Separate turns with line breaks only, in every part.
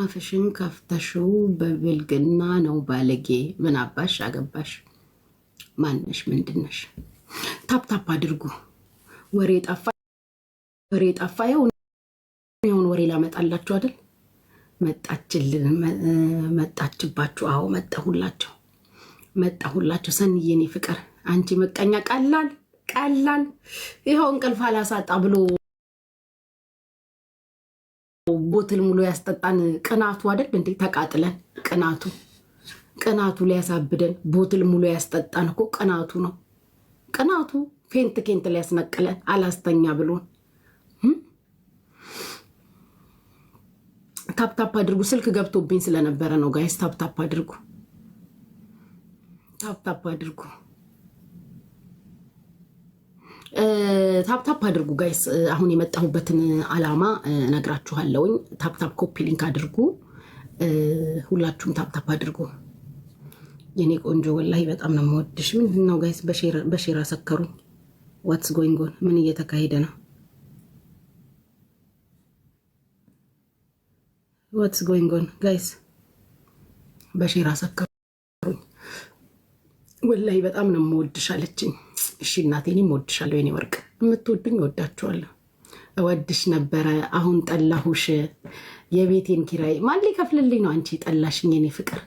አፍሽን ከፍተሽው በብልግና ነው ባለጌ። ምን አባሽ አገባሽ? ማነሽ? ምንድነሽ? ታፕታፕ አድርጉ። ወሬ ጠፋ፣ ወሬ ጠፋ። የሆን ወሬ ላመጣላችሁ አይደል? መጣችልን፣ መጣችባችሁ። አዎ መጣሁላቸው፣ መጣሁላቸው። ሰንዬኔ ፍቅር፣ አንቺ መቀኛ ቀላል ቀላል፣ ይኸው እንቅልፍ አላሳጣ ብሎ ቦትል ሙሉ ያስጠጣን ቅናቱ አይደል እንዴ? ተቃጥለን ቅናቱ ቅናቱ ሊያሳብደን ቦትል ሙሉ ያስጠጣን እኮ ቅናቱ ነው። ቅናቱ ፌንት ኬንት ሊያስነቅለን አላስተኛ ብሎን ታፕታፕ አድርጉ። ስልክ ገብቶብኝ ስለነበረ ነው ጋይስ። ታፕታፕ አድርጉ፣ ታፕታፕ አድርጉ። ታፕታፕ አድርጉ ጋይስ። አሁን የመጣሁበትን አላማ እነግራችኋለሁኝ። ታፕታፕ ኮፒ ሊንክ አድርጉ፣ ሁላችሁም ታፕታፕ አድርጉ። የኔ ቆንጆ ወላሂ በጣም ነው የምወድሽ። ምንድን ነው ጋይስ በሼር አሰከሩ። ዋትስ ጎይንግ ኦን? ምን እየተካሄደ ነው? ዋትስ ጎይንግ ኦን ጋይስ? በሼር አሰከሩ። ወላይ በጣም ነው የምወድሻለችኝ። እሺ እናቴ እኔም እወድሻለሁ የኔ ወርቅ፣ የምትወዱኝ እወዳችኋለሁ። እወድሽ ነበረ አሁን ጠላሁሽ። የቤቴን ኪራይ ማን ሊከፍልልኝ ነው? አንቺ ጠላሽኝ። የኔ ፍቅር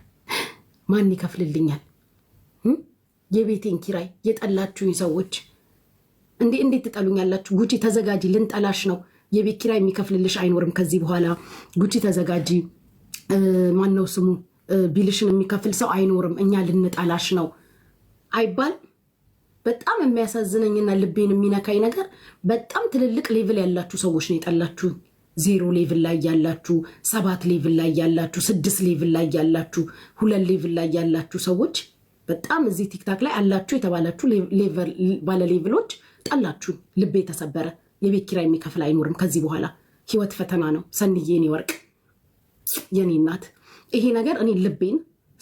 ማን ይከፍልልኛል? የቤቴን ኪራይ የጠላችሁኝ ሰዎች እንዴ እንዴት ትጠሉኛላችሁ? ጉቺ ተዘጋጂ፣ ልንጠላሽ ነው። የቤት ኪራይ የሚከፍልልሽ አይኖርም ከዚህ በኋላ ጉቺ ተዘጋጂ። ማነው ስሙ ቢልሽን የሚከፍል ሰው አይኖርም። እኛ ልንጠላሽ ነው። አይባል በጣም የሚያሳዝነኝና ልቤን የሚነካኝ ነገር በጣም ትልልቅ ሌቭል ያላችሁ ሰዎች ነው የጠላችሁ። ዜሮ ሌቭል ላይ ያላችሁ፣ ሰባት ሌቭል ላይ ያላችሁ፣ ስድስት ሌቭል ላይ ያላችሁ፣ ሁለት ሌቭል ላይ ያላችሁ ሰዎች በጣም እዚህ ቲክታክ ላይ አላችሁ የተባላችሁ ባለ ሌቭሎች ጠላችሁ። ልቤ የተሰበረ የቤት ኪራይ የሚከፍል አይኖርም ከዚህ በኋላ። ህይወት ፈተና ነው። ሰንዬ የኔ ወርቅ የኔ እናት ይሄ ነገር እኔ ልቤን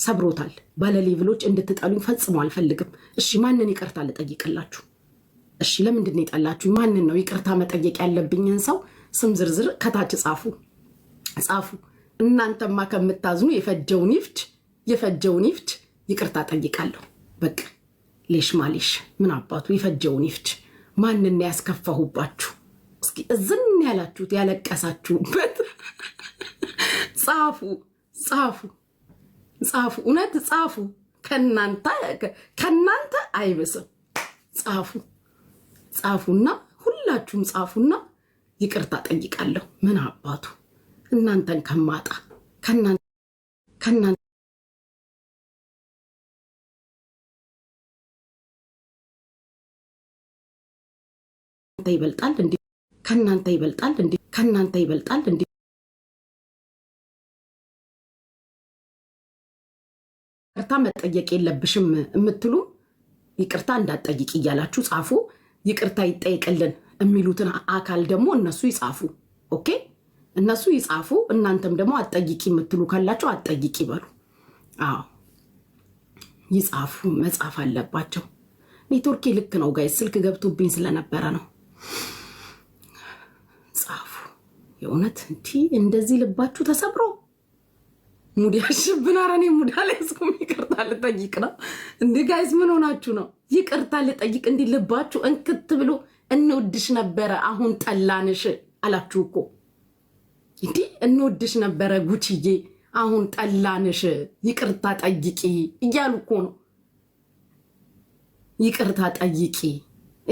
ሰብሮታል። ባለሌብሎች እንድትጠሉኝ ፈጽሞ አልፈልግም። እሺ ማንን ይቅርታ ልጠይቅላችሁ? እሺ ለምንድን ነው የጠላችሁ? ማንን ነው ይቅርታ መጠየቅ ያለብኝን ሰው ስም ዝርዝር ከታች ጻፉ ጻፉ። እናንተማ ከምታዝኑ የፈጀውን ይፍጅ የፈጀውን ይፍጅ ይቅርታ ጠይቃለሁ። በቃ ሌሽ ማሌሽ ምን አባቱ የፈጀውን ይፍጅ። ማንን ያስከፋሁባችሁ? እስኪ እዝን ያላችሁት ያለቀሳችሁበት ጻፉ ጻፉ። ጻፉ፣ እውነት ጻፉ። ከናንተ አይብስም። ጻፉ ጻፉና ሁላችሁም ጻፉና ይቅርታ ጠይቃለሁ። ምን አባቱ እናንተን ከማጣ ከናንተ ይበልጣል እንዴ? ከናንተ ይበልጣል እንዴ? ከናንተ ይበልጣል እንዴ? ይቅርታ መጠየቅ የለብሽም የምትሉ ይቅርታ እንዳትጠይቂ እያላችሁ ጻፉ። ይቅርታ ይጠይቅልን የሚሉትን አካል ደግሞ እነሱ ይጻፉ። ኦኬ እነሱ ይጻፉ። እናንተም ደግሞ አጠይቂ የምትሉ ካላችሁ አጠይቂ በሉ። አዎ ይጻፉ፣ መጻፍ አለባቸው። ኔትወርኬ ልክ ነው ጋይ፣ ስልክ ገብቶብኝ ስለነበረ ነው። ጻፉ። የእውነት እንዲህ እንደዚህ ልባችሁ ተሰብሮ ሙድ ያሽብን። ኧረ እኔ ሙድ አልያዝኩም። ይቅርታ ልጠይቅ ነው እንዴ? ጋይዝ ምን ሆናችሁ ነው? ይቅርታ ልጠይቅ እንዲህ ልባችሁ እንክት ብሎ እንወድሽ ነበረ አሁን ጠላንሽ አላችሁ እኮ እንዲህ እንወድሽ ነበረ ጉቺዬ አሁን ጠላንሽ ይቅርታ ጠይቂ እያሉ እኮ ነው። ይቅርታ ጠይቂ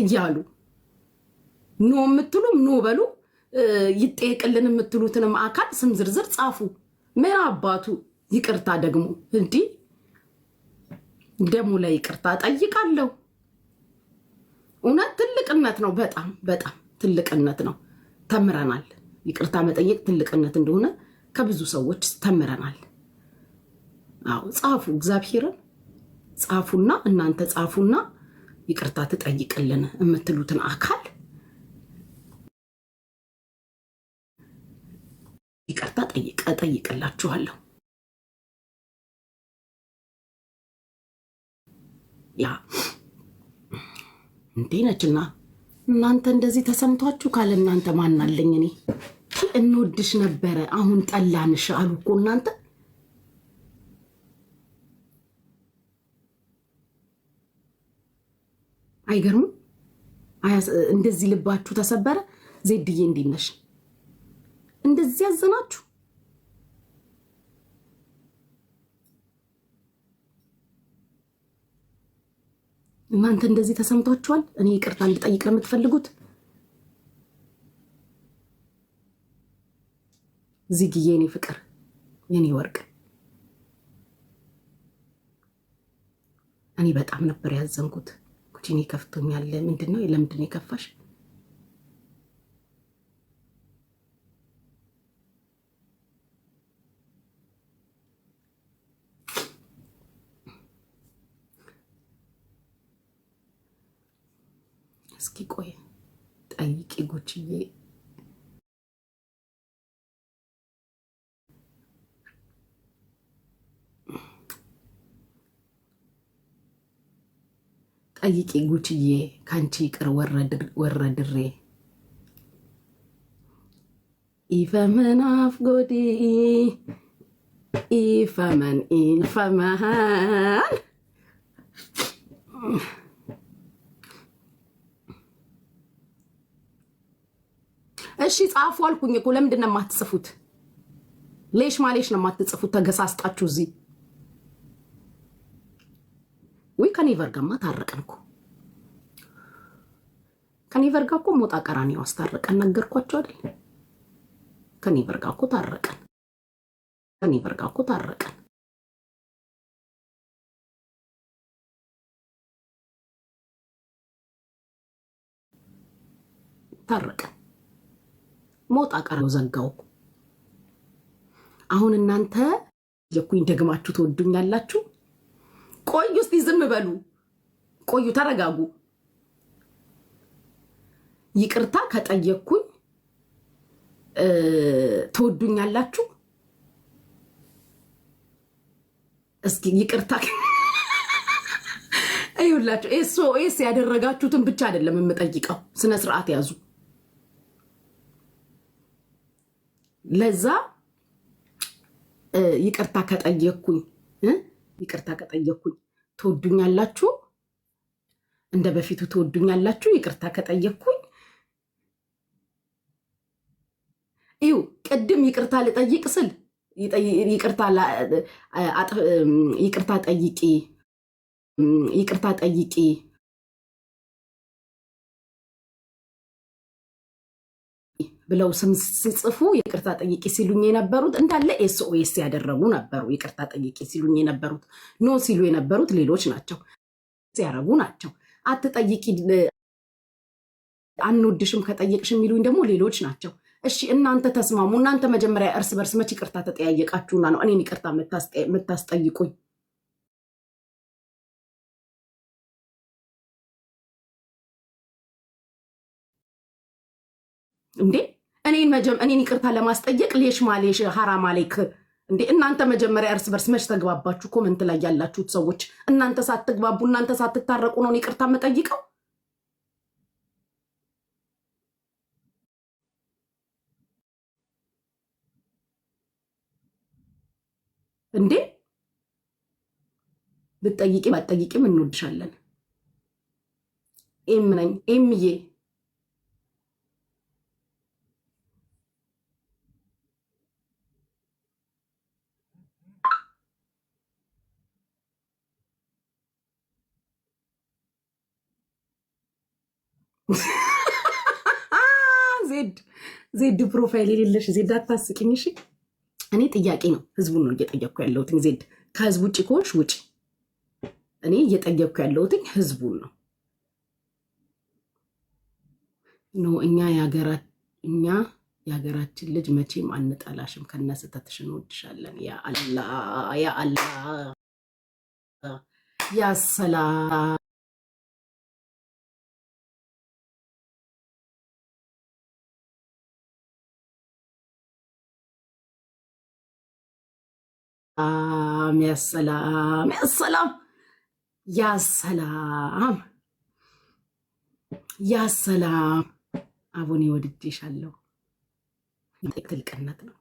እያሉ ኖ የምትሉም ኖ በሉ ይጠየቅልን የምትሉትንም አካል ስም ዝርዝር ጻፉ። ምን አባቱ ይቅርታ ደግሞ እንዲህ ደሙ ላይ ይቅርታ ጠይቃለሁ። እውነት ትልቅነት ነው። በጣም በጣም ትልቅነት ነው። ተምረናል። ይቅርታ መጠየቅ ትልቅነት እንደሆነ ከብዙ ሰዎች ተምረናል። አዎ ጻፉ፣ እግዚአብሔርን ጻፉና እናንተ ጻፉና ይቅርታ ትጠይቅልን የምትሉትን አካል እጠይቅላችኋለሁ። ያ እንዴ ነችና እናንተ እንደዚህ ተሰምቷችሁ ካለ እናንተ ማናለኝ? እኔ እንወድሽ ነበረ አሁን ጠላንሽ አሉ እኮ እናንተ አይገርምም? እንደዚህ ልባችሁ ተሰበረ። ዜድዬ እንዲነሽ እንደዚህ ያዘናችሁ እናንተ እንደዚህ ተሰምቷችኋል? እኔ ይቅርታ እንድጠይቅ ነው የምትፈልጉት? ዚግዬ የኔ ፍቅር የኔ ወርቅ እኔ በጣም ነበር ያዘንኩት። ኩቺኔ ከፍቶኛል። ምንድን ነው ለምንድን ነው የከፋሽ? ayi guddiyee kancii kan warra diri warra dirii ifaman afuutii ifaman ifaman. እሺ ጻፉ አልኩኝ እኮ ለምንድን ነው የማትጽፉት? ሌሽ ማሌሽ ነው የማትጽፉት? ተገሳስጣችሁ እዚህ ወይ ከኔቨር ጋማ ታረቀን እኮ ከኔቨር ጋር እኮ ሞጣ ቀራኒ አስታረቀን። ነገርኳቸው አይደል? ከኔቨር ጋር እኮ ታረቀን። ከኔቨር ጋር እኮ ታረቀን። ታረቀን መውጣ ቀረው ዘጋው። አሁን እናንተ የኩኝ ደግማችሁ ትወዱኛላችሁ። ቆዩ እስቲ ዝም በሉ፣ ቆዩ፣ ተረጋጉ። ይቅርታ ከጠየቅኩኝ ትወዱኛላችሁ። እስኪ ይቅርታ ይሁላችሁ። ኤስ ኦ ኤስ ያደረጋችሁትን ብቻ አይደለም የምጠይቀው፣ ስነ ስርዓት ያዙ። ለዛ ይቅርታ ከጠየኩኝ ይቅርታ ከጠየኩኝ ትወዱኛላችሁ፣ እንደ በፊቱ ትወዱኛላችሁ። ይቅርታ ከጠየኩኝ ይው ቅድም ይቅርታ ልጠይቅ ስል ይቅርታ ጠይቂ ይቅርታ ጠይቂ ብለው ስም ሲጽፉ ይቅርታ ጠይቂ ሲሉኝ የነበሩት እንዳለ ኤስኦኤስ ያደረጉ ነበሩ። ይቅርታ ጠይቂ ሲሉኝ የነበሩት ኖ ሲሉ የነበሩት ሌሎች ናቸው፣ ያደረጉ ናቸው። አትጠይቂ አንወድሽም ከጠየቅሽ የሚሉኝ ደግሞ ሌሎች ናቸው። እሺ እናንተ ተስማሙ። እናንተ መጀመሪያ እርስ በርስ መች ይቅርታ ተጠያየቃችሁና ነው እኔን ይቅርታ የምታስጠይቁኝ? እንዴ እኔን ይቅርታ ለማስጠየቅ ሌሽ ማሌሽ ሀራ ማሌክ እንዴ እናንተ መጀመሪያ እርስ በርስ መች ተግባባችሁ? ኮመንት ላይ ያላችሁት ሰዎች እናንተ ሳትግባቡ እናንተ ሳትታረቁ ነው ይቅርታ የምጠይቀው? እንዴ ብትጠይቂም አትጠይቂም እንወድሻለን። ኤም ነኝ ኤምዬ ዜድ ፕሮፋይል የሌለሽ ዜድ አታስቂኝ። እሺ እኔ ጥያቄ ነው ህዝቡን ነው እየጠየቅኩ ያለሁትኝ። ዜድ ከህዝብ ውጭ ከሆንሽ ውጭ። እኔ እየጠየቅኩ ያለሁትኝ ህዝቡን ነው። ኖ እኛ እኛ የሀገራችን ልጅ መቼም አንጠላሽም፣ ከነስተትሽ እንወድሻለን። ያአላ ያአላ ያሰላ ሰላም ያሰላም ያሰላም ያሰላም ያሰላም አቡኔ ወድጄሻለሁ። ትልቅነት ነው።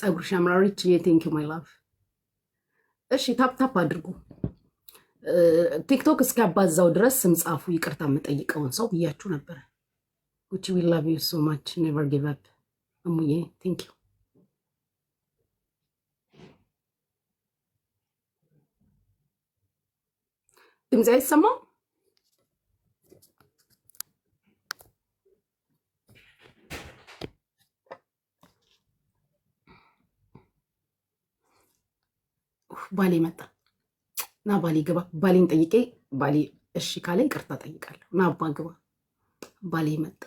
ፀጉርሽ አምራሪች የቴንኪ ማይ ላቭ። እሺ ታፕታፕ አድርጉ። ቲክቶክ እስኪያባዛው ድረስ ስም ጻፉ። ይቅርታ የምጠይቀውን ሰው ብያችሁ ነበረ። ጉቺ ዊ ላቭ ዩ ሶ ማች ኔቨር ጊቭ አፕ። እሙዬ ቴንኪ ዩ ድምፅ አይሰማው ባሌ መጣ ና ባሌ ግባ፣ ባሌን ጠይቄ ባሌ እሺ ካለ ይቅርታ ጠይቃለሁ። ና አባ ግባ፣ ባሌ መጣ።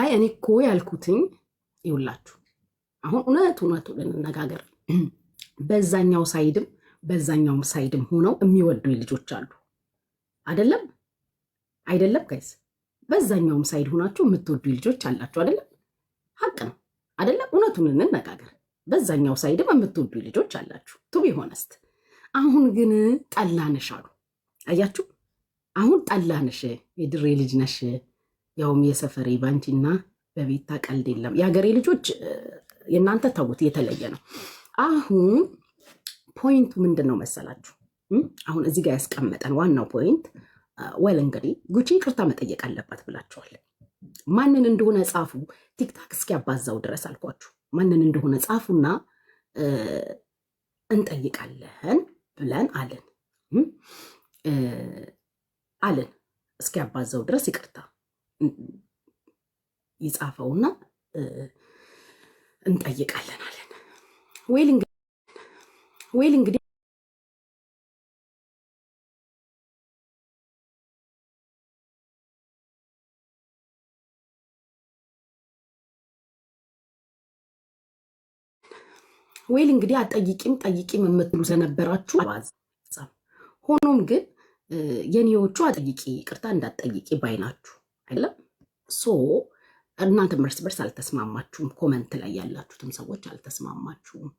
አይ እኔ እኮ ያልኩትኝ ይውላችሁ፣ አሁን እውነት እውነቱ ልንነጋገር፣ በዛኛው ሳይድም በዛኛውም ሳይድም ሆነው የሚወዱኝ ልጆች አሉ። አይደለም አይደለም፣ ጋይስ በዛኛውም ሳይድ ሆናችሁ የምትወዱኝ ልጆች አላችሁ አይደለም ሀቅ ነው አደለ? እውነቱን እንነጋገር። በዛኛው ሳይድም የምትወዱ ልጆች አላችሁ ቱቢ ሆነስት። አሁን ግን ጠላነሽ አሉ። አያችሁ፣ አሁን ጠላነሽ የድሬ ልጅ ነሽ፣ ያውም የሰፈሬ ባንቺና በቤታ ቀልድ የለም። የሀገሬ ልጆች የእናንተ ታውት የተለየ ነው። አሁን ፖይንቱ ምንድን ነው መሰላችሁ? አሁን እዚህ ጋር ያስቀመጠን ዋናው ፖይንት ወል እንግዲህ ጉቺ ይቅርታ መጠየቅ አለባት ብላችኋል። ማንን እንደሆነ ጻፉ። ቲክታክ እስኪያባዛው ድረስ አልኳችሁ። ማንን እንደሆነ ጻፉና እንጠይቃለን ብለን አለን አልን እስኪያባዛው ድረስ ይቅርታ ይጻፈውና እንጠይቃለን አለን። ወይል እንግዲህ ዌል እንግዲህ አጠይቂም ጠይቂም የምትሉ ስለነበራችሁ ሆኖም ግን የኔዎቹ አጠይቂ ቅርታ እንዳጠይቂ ባይናችሁ አይደለም ሶ እናንተ እርስ በርስ አልተስማማችሁም። ኮመንት ላይ ያላችሁትም ሰዎች አልተስማማችሁም።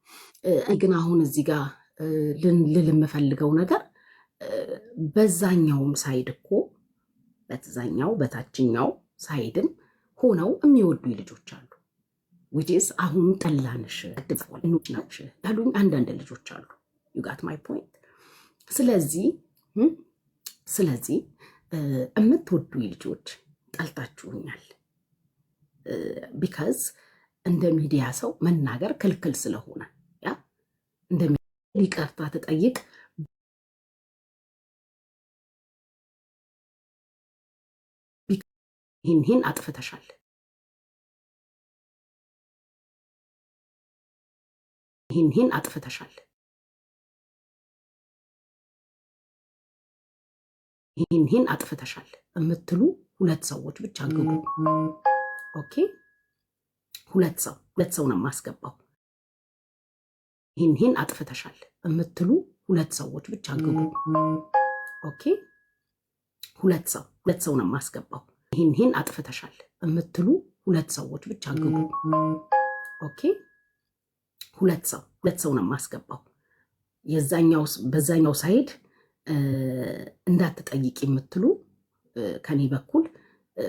ግን አሁን እዚህ ጋር ልል የምፈልገው ነገር በዛኛውም ሳይድ እኮ በትዛኛው በታችኛው ሳይድም ሆነው የሚወዱ ልጆች አሉ። ዊችስ አሁን ጠላንሽ ድንጭናሽ ያሉኝ አንዳንድ ልጆች አሉ። ዩጋት ማይ ፖይንት። ስለዚህ hm? ስለዚህ የምትወዱ ልጆች ጠልታችሁኛል። ቢካዝ እንደ ሚዲያ ሰው መናገር ክልክል ስለሆነ ያ እንደ ይቅርታ ተጠይቅ ይህን ይህን አጥፍተሻል ይህን ይህን አጥፍተሻል፣ ይህን ይህን አጥፍተሻል የምትሉ ሁለት ሰዎች ብቻ ግቡ። ኦኬ፣ ሁለት ሰው ሁለት ሰው ነው የማስገባው። ይህን ይህን አጥፍተሻል የምትሉ ሁለት ሰዎች ብቻ ግቡ። ኦኬ፣ ሁለት ሰው ሁለት ሰው ነው የማስገባው። ይህን ይህን አጥፍተሻል የምትሉ ሁለት ሰዎች ብቻ ግቡ። ኦኬ ሁለት ሰው ሁለት ሰው ነው የማስገባው። የዛኛው በዛኛው ሳይድ እንዳትጠይቅ የምትሉ ከኔ በኩል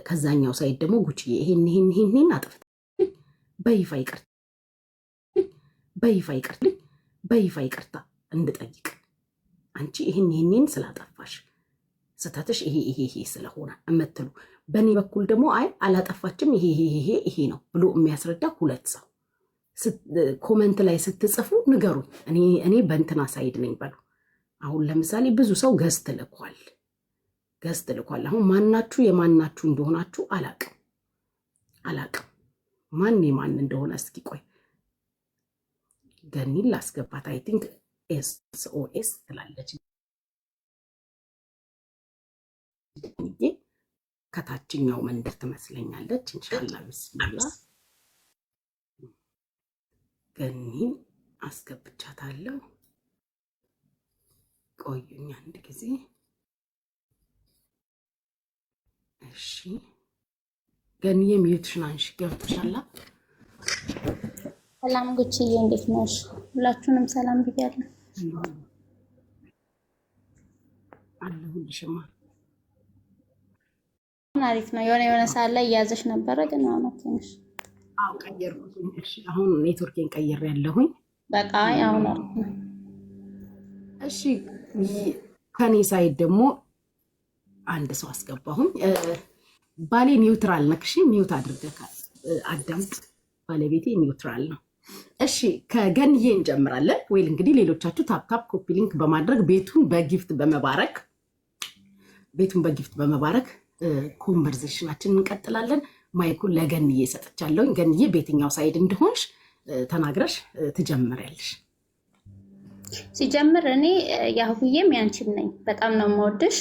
ከዛኛው ሳይድ ደግሞ ጉችዬ ይሄን ይሄን ይሄን አጥፍት በይፋ ይቅርታ በይፋ ይቅርታ በይፋ ይቅርታ እንድጠይቅ አንቺ ይሄን ይሄን ስላጠፋሽ ስህተትሽ ይሄ ይሄ ይሄ ስለሆነ እምትሉ፣ በእኔ በኩል ደግሞ አይ አላጠፋችም ይሄ ይሄ ይሄ ነው ብሎ የሚያስረዳ ሁለት ሰው ኮመንት ላይ ስትጽፉ ንገሩ። እኔ በእንትና ሳይድ ነኝ በሉ። አሁን ለምሳሌ ብዙ ሰው ገዝት ልኳል፣ ገዝት ልኳል። አሁን ማናችሁ የማናችሁ እንደሆናችሁ አላቅ አላቅ ማን የማን እንደሆነ እስኪ ቆይ ገኒ ላስገባት። አይ ቲንክ ኤስኦኤስ ትላለች ከታችኛው መንደር ትመስለኛለች። እንሻላ ብስሚላ ገኒን አስገብቻታለሁ። ቆዩኝ አንድ ጊዜ እሺ። ገኒዬ ሚዩትሽን አንሺ፣ ገብተሻላ።
ሰላም ጉቺዬ፣ እንዴት ነሽ? ሁላችሁንም ሰላም ብያለሁ።
አለሁልሽማ።
አሪፍ ነው። የሆነ የሆነ ሰዓት ላይ እያዘሽ ነበረ፣ ግን አሁን ኦኬ ነሽ?
ቀየርኩት። አሁን ኔትወርኬን ቀይር ያለሁኝ በቃ ያው እሺ ከኔ ሳይድ ደግሞ አንድ ሰው አስገባሁኝ። ባሌ ኒውትራል ነክሽ ሚውት አድርገካል። አዳምጥ፣ ባለቤቴ ኒውትራል ነው። እሺ ከገንዬ እንጀምራለን። ወይል እንግዲህ ሌሎቻችሁ ታፕታፕ ኮፒ ሊንክ በማድረግ ቤቱን በጊፍት በመባረክ ቤቱን በጊፍት በመባረክ ኮንቨርዜሽናችን እንቀጥላለን። ማይኩን ለገንዬ ሰጥቻለሁኝ። ገንዬ በየትኛው ሳይድ እንደሆንሽ ተናግረሽ ትጀምሪያለሽ።
ሲጀምር እኔ ያሁዬም ያንቺን ነኝ። በጣም ነው የምወድሽ፣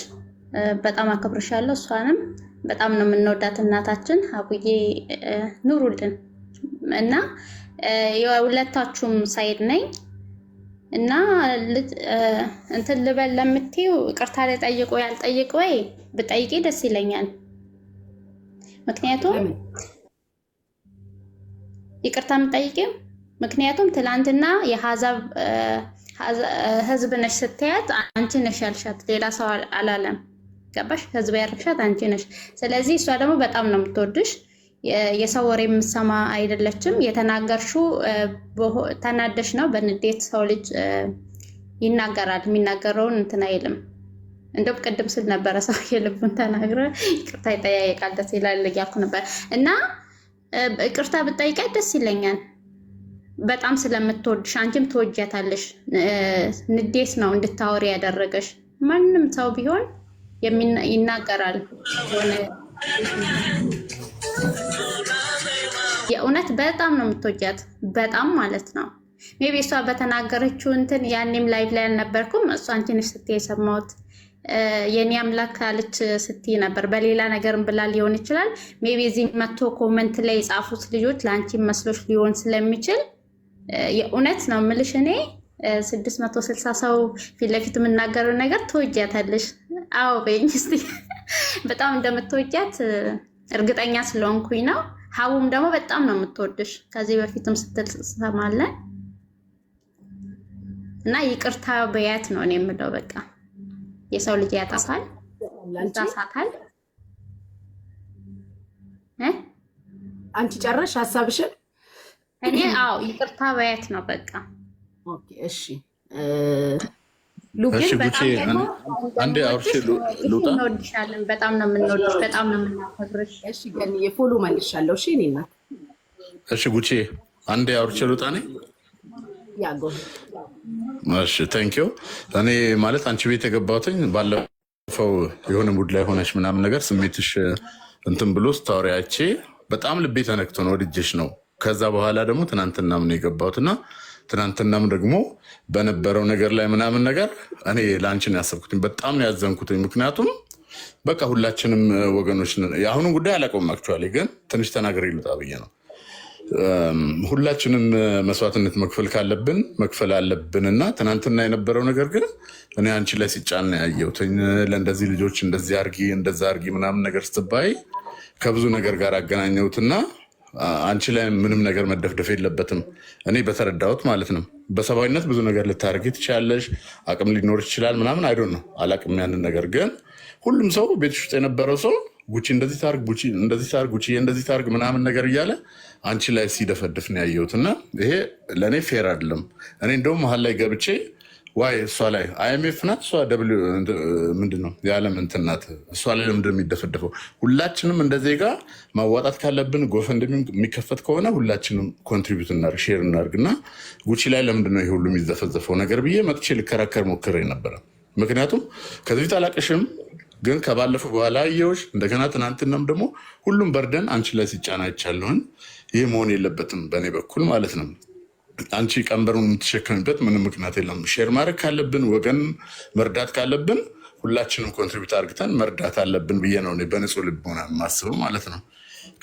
በጣም አከብርሻለሁ። እሷንም በጣም ነው የምንወዳት እናታችን። አቡዬ ኑሩልን እና የሁለታችሁም ሳይድ ነኝ እና እንትን ልበል ለምትይው ቅርታ ላይ ጠይቆ ያልጠይቅ ወይ ብጠይቄ ደስ ይለኛል። ምክንያቱም ይቅርታ የምጠይቂው ምክንያቱም ትላንትና የሀዛብ ህዝብ ነሽ ስትያት አንቺ ነሽ ያልሻት፣ ሌላ ሰው አላለም። ገባሽ? ህዝብ ያረግሻት አንቺ ነሽ። ስለዚህ እሷ ደግሞ በጣም ነው የምትወድሽ። የሰው ወሬ የምሰማ አይደለችም። የተናገርሽው ተናደሽ ነው። በንዴት ሰው ልጅ ይናገራል። የሚናገረውን እንትን አይልም። እንደውም ቅድም ስል ነበረ ሰው የልቡን ተናግረ ይቅርታ ይጠያየቃል ደስ ይላል ያልኩ ነበር። እና ይቅርታ ብጠይቃት ደስ ይለኛል በጣም ስለምትወድሽ አንቺም ትወጃታለሽ። ንዴት ነው እንድታወሪ ያደረገሽ። ማንም ሰው ቢሆን ይናገራል። የእውነት በጣም ነው የምትወጃት፣ በጣም ማለት ነው። ሜቢ እሷ በተናገረችው እንትን ያኔም ላይቭ ላይ አልነበርኩም። እሷ አንቺን ስትይ የሰማሁት የኔ አምላክ አለች ስትይ ነበር። በሌላ ነገርም ብላ ሊሆን ይችላል። ቢ እዚህ መቶ ኮመንት ላይ የጻፉት ልጆች ለአንቺ መስሎች ሊሆን ስለሚችል የእውነት ነው ምልሽ። እኔ 660 ሰው ፊት ለፊት የምናገረው ነገር ተወጃታለሽ። አዎ በይኝ እስኪ። በጣም እንደምትወጃት እርግጠኛ ስለሆንኩኝ ነው። ሀቡም ደግሞ በጣም ነው የምትወድሽ። ከዚህ በፊትም ስትል እና ይቅርታ በያት ነው እኔ የምለው በቃ የሰው ልጅ ያጠፋል፣ ይሳሳታል። አንቺ ጨረሽ ሀሳብሽን? እኔ አዎ ይቅርታ በያት ነው በቃ።
ኦኬ እሺ።
ሉግን በጣም እንወድሻለን።
በጣም ነው የምንወድሽ፣ በጣም ነው የምናከብርሽ። እሺ ገን የፎሎ መልሻለሁ። እሺ እኔ እናት
እሺ። ጉቼ አንዴ አውርሽ ሉጣ ነኝ እሺ ተንኪው። እኔ ማለት አንቺ ቤት የገባትኝ ባለፈው የሆነ ሙድ ላይ ሆነች ምናምን ነገር ስሜትሽ እንትን ብሎ ስታወሪያቼ በጣም ልቤ ተነክቶ ነው ወድጄሽ ነው። ከዛ በኋላ ደግሞ ትናንትናም ነው የገባሁት እና ትናንትናም ደግሞ በነበረው ነገር ላይ ምናምን ነገር እኔ ለአንቺን ያሰብኩትኝ በጣም ነው ያዘንኩትኝ። ምክንያቱም በቃ ሁላችንም ወገኖች የአሁኑን ጉዳይ አላቆማችኋል፣ ግን ትንሽ ተናገር ይሉጣ ብዬ ነው ሁላችንም መስዋዕትነት መክፈል ካለብን መክፈል አለብን እና ትናንትና የነበረው ነገር ግን እኔ አንቺ ላይ ሲጫን ነው ያየሁት። ለእንደዚህ ልጆች እንደዚህ አርጊ እንደዛ አርጊ ምናምን ነገር ስትባይ ከብዙ ነገር ጋር አገናኘሁትና አንቺ ላይ ምንም ነገር መደፍደፍ የለበትም። እኔ በተረዳሁት ማለት ነው። በሰብአዊነት ብዙ ነገር ልታደርጊ ትችላለሽ፣ አቅም ሊኖር ይችላል ምናምን አይዶን ነው አላቅም ያንን ነገር ግን ሁሉም ሰው ቤት ውስጥ የነበረው ሰው ጉቺ እንደዚህ ታርግ፣ ጉቺ እንደዚህ ታርግ፣ ጉቺ እንደዚህ ታርግ ምናምን ነገር እያለ አንቺ ላይ ሲደፈድፍ ነው ያየሁት። እና ይሄ ለእኔ ፌር አይደለም። እኔ እንደውም መሀል ላይ ገብቼ ዋይ እሷ ላይ አይኤምኤፍ ናት እሷ ምንድን ነው የዓለም እንትን ናት እሷ ላይ ለምንድን የሚደፈደፈው? ሁላችንም እንደ ዜጋ ማዋጣት ካለብን ጎፈ እንደሚከፈት ከሆነ ሁላችንም ኮንትሪቢዩት እናድርግ፣ ሼር እናርግ እና ጉቺ ላይ ለምንድን ነው ይሄ ሁሉ የሚዘፈዘፈው ነገር ብዬ መጥቼ ልከራከር ሞክሬ ነበረ። ምክንያቱም ከዚህ በፊት አላቅሽም ግን ከባለፈው በኋላ አየሁሽ። እንደገና ትናንትናም ደግሞ ሁሉም በርደን አንቺ ላይ ሲጫና አይቻለሁኝ። ይህ መሆን የለበትም በእኔ በኩል ማለት ነው። አንቺ ቀንበሩን የምትሸከምበት ምንም ምክንያት የለም። ሼር ማድረግ ካለብን ወገን መርዳት ካለብን ሁላችንም ኮንትሪቢዩት አድርግተን መርዳት አለብን ብዬ ነው በንጹህ ልብ ሆና ማለት ነው።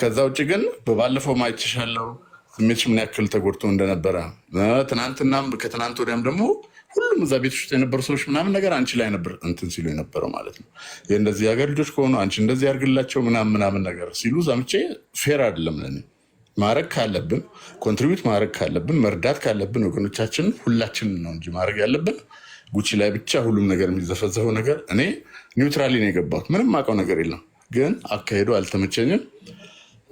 ከዛ ውጭ ግን በባለፈው ማይችሻለው ስሜትሽ ምን ያክል ተጎድቶ እንደነበረ ትናንትናም ከትናንት ወዲያም ደግሞ ሁሉም እዛ ቤት ውስጥ የነበሩ ሰዎች ምናምን ነገር አንቺ ላይ ነበር እንትን ሲሉ የነበረው ማለት ነው። የእንደዚህ እንደዚህ ሀገር ልጆች ከሆኑ አንቺ እንደዚህ ያርግላቸው ምናምን ምናምን ነገር ሲሉ ዛምቼ ፌር አይደለም ለኔ። ማድረግ ካለብን ኮንትሪቢዩት ማድረግ ካለብን መርዳት ካለብን ወገኖቻችን ሁላችንን ነው እንጂ ማድረግ ያለብን ጉቺ ላይ ብቻ ሁሉም ነገር የሚዘፈዘፈው ነገር እኔ ኒውትራሊ ነው የገባሁት። ምንም አውቀው ነገር የለም ግን አካሄዱ አልተመቸኝም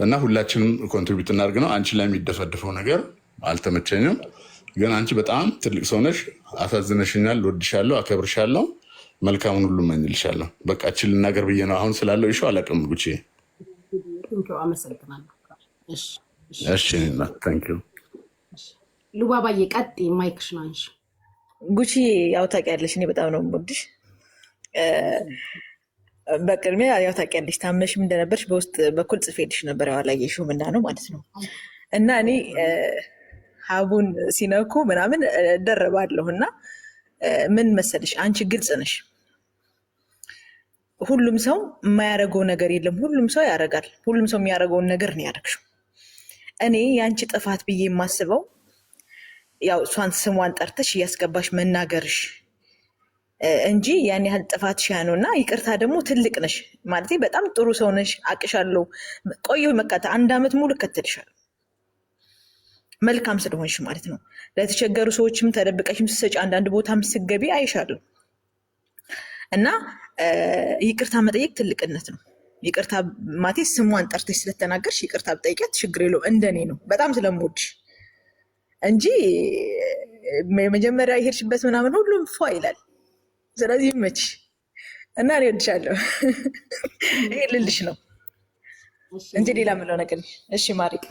እና ሁላችንም ኮንትሪቢዩት እናድርግ ነው። አንቺ ላይ የሚደፈድፈው ነገር አልተመቸኝም። ግን አንቺ በጣም ትልቅ ሰውነሽ፣ አሳዝነሽኛል። ወድሻለሁ፣ አከብርሻለሁ። መልካሙን ሁሉ መኝልሻለሁ። በቃችን ልናገር ብዬ ነው። አሁን ስላለው ይሸው አላቅም። ጉቼ
ሉባባዬ፣ ቀጥ ማይክሽ ነው አንቺ። ጉቺ ያው ታውቂያለሽ፣ እኔ በጣም ነው የምወድሽ። በቅድሚያ ያው ታውቂያለሽ፣ ታመሽም እንደነበርሽ በውስጥ በኩል ጽፌልሽ ነበር። ያው አላየሽውም እና ነው ማለት ነው እና እኔ ሀቡን ሲነኩ ምናምን እደረባለሁ እና ምን መሰልሽ፣ አንቺ ግልጽ ነሽ። ሁሉም ሰው የማያደርገው ነገር የለም። ሁሉም ሰው ያደርጋል። ሁሉም ሰው የሚያደርገውን ነገር ነው ያደረግሽው። እኔ የአንቺ ጥፋት ብዬ የማስበው ያው እሷን ስሟን ጠርተሽ እያስገባሽ መናገርሽ እንጂ ያን ያህል ጥፋት ሻ ነው እና ይቅርታ ደግሞ ትልቅ ነሽ ማለት በጣም ጥሩ ሰው ነሽ። አቅሻለሁ። ቆየሁ መካተ አንድ አመት ሙሉ እከተልሻለሁ መልካም ስለሆንሽ ማለት ነው። ለተቸገሩ ሰዎችም ተደብቀሽም ስሰጪ አንዳንድ ቦታም ስገቢ አይሻለሁ እና ይቅርታ መጠየቅ ትልቅነት ነው። ይቅርታ ማቴ ስሟን ጠርተሽ ስለተናገርሽ ይቅርታ ብጠይቂያት ችግር የለው እንደኔ ነው በጣም ስለምወድሽ እንጂ የመጀመሪያ የሄድሽበት ምናምን ሁሉም ፏ ይላል። ስለዚህ መች እና እኔ ወድሻለሁ። ይሄ ልልሽ ነው እንጂ ሌላ ምለው ነገር እሺ ማሪቅ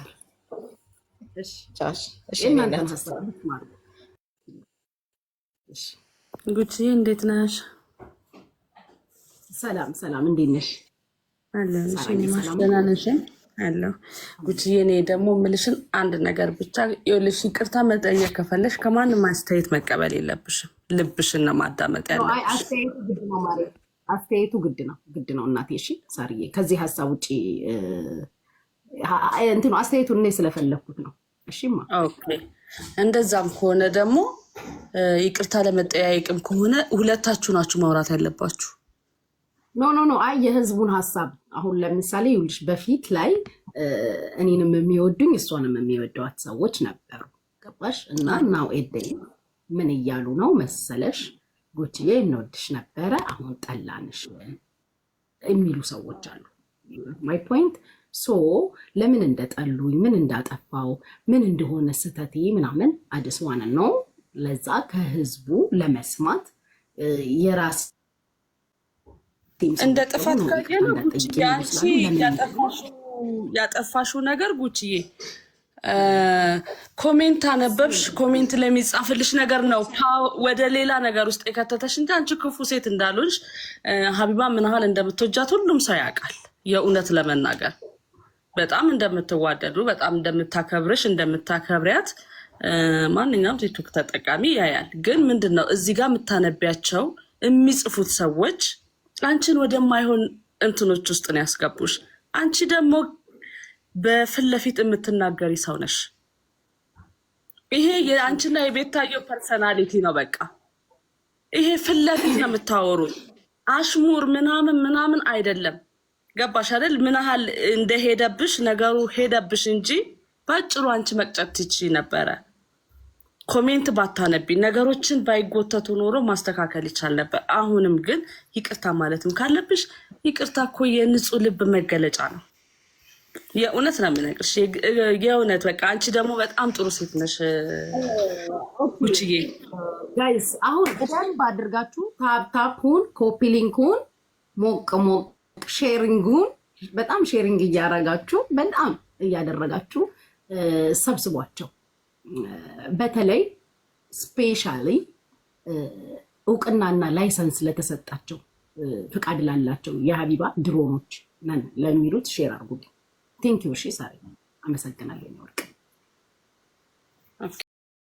ጉቺዬ እንዴት ነሽ? ሰላም ሰላም፣ እንዴት ነሽ? አለ ነሽ? አለሁ ጉቺዬ። እኔ ደግሞ ምልሽን አንድ ነገር ብቻ ይኸውልሽ፣ ይቅርታ መጠየቅ ከፈለሽ ከማንም አስተያየት መቀበል የለብሽም። ልብሽን ነው ማዳመጥ ያለብሽ። አስተያየቱ ግድ ነው ግድ ነው እናቴ። እሺ ሳርዬ፣ ከዚህ ሀሳብ ውጭ እንትን አስተያየቱ እኔ ስለፈለግኩት ነው እንደዛም ከሆነ ደግሞ ይቅርታ ለመጠያየቅም ከሆነ ሁለታችሁ ናችሁ ማውራት ያለባችሁ። ኖ ኖ ኖ አይ የህዝቡን ሀሳብ አሁን ለምሳሌ ይኸውልሽ፣ በፊት ላይ እኔንም የሚወዱኝ እሷንም የሚወደዋት ሰዎች ነበሩ። ገባሽ? እና ናው ኤደይ ምን እያሉ ነው መሰለሽ? ጎችዬ እንወድሽ ነበረ አሁን ጠላንሽ የሚሉ ሰዎች አሉ። ማይ ፖይንት ሶ ለምን እንደጠሉኝ ምን እንዳጠፋው ምን እንደሆነ ስህተቴ ምናምን አዲስ ዋን ነው ለዛ ከህዝቡ ለመስማት የራስ እንደ ጥፋት ካየነው ያጠፋሽው ነገር ጉቺዬ ኮሜንት አነበብሽ፣ ኮሜንት ለሚጻፍልሽ ነገር ነው ወደ ሌላ ነገር ውስጥ የከተተሽ እንጂ አንቺ ክፉ ሴት እንዳሉንሽ ሀቢባ ምን ያህል እንደምትወጃት ሁሉም ሰው ያውቃል። የእውነት ለመናገር በጣም እንደምትዋደዱ በጣም እንደምታከብርሽ እንደምታከብሪያት ማንኛውም ቲክቶክ ተጠቃሚ ያያል። ግን ምንድን ነው እዚህ ጋር የምታነቢያቸው የሚጽፉት ሰዎች አንቺን ወደማይሆን እንትኖች ውስጥ ነው ያስገቡሽ። አንቺ ደግሞ በፊት ለፊት የምትናገሪ ሰው ነሽ። ይሄ የአንቺና የቤታየው ፐርሰናሊቲ ነው። በቃ ይሄ ፊት ለፊት ነው የምታወሩት። አሽሙር ምናምን ምናምን አይደለም። ገባሽ አይደል? ምን ያህል እንደሄደብሽ ነገሩ ሄደብሽ እንጂ በአጭሩ አንቺ መቅጨት ትቺ ነበረ። ኮሜንት ባታነቢ ነገሮችን ባይጎተቱ ኖሮ ማስተካከል ይቻል ነበር። አሁንም ግን ይቅርታ ማለትም ካለብሽ ይቅርታ እኮ የንጹህ ልብ መገለጫ ነው። የእውነት ነው የምነግርሽ፣ የእውነት በቃ አንቺ ደግሞ በጣም ጥሩ ሴት ነሽ ቁጭዬ። ጋይስ አሁን በደንብ አድርጋችሁ ታፕታፑን ኮፒ ሊንኩን ሞቅ ሞቅ ሼሪንጉን በጣም ሼሪንግ እያረጋችሁ በጣም እያደረጋችሁ ሰብስቧቸው። በተለይ ስፔሻሊ እውቅናና ላይሰንስ ለተሰጣቸው ፍቃድ ላላቸው የሀቢባ ድሮኖች ለሚሉት ሼር አድርጉ። ቴንኪው ሺ ሳሪ አመሰግናለሁ። ወርቅ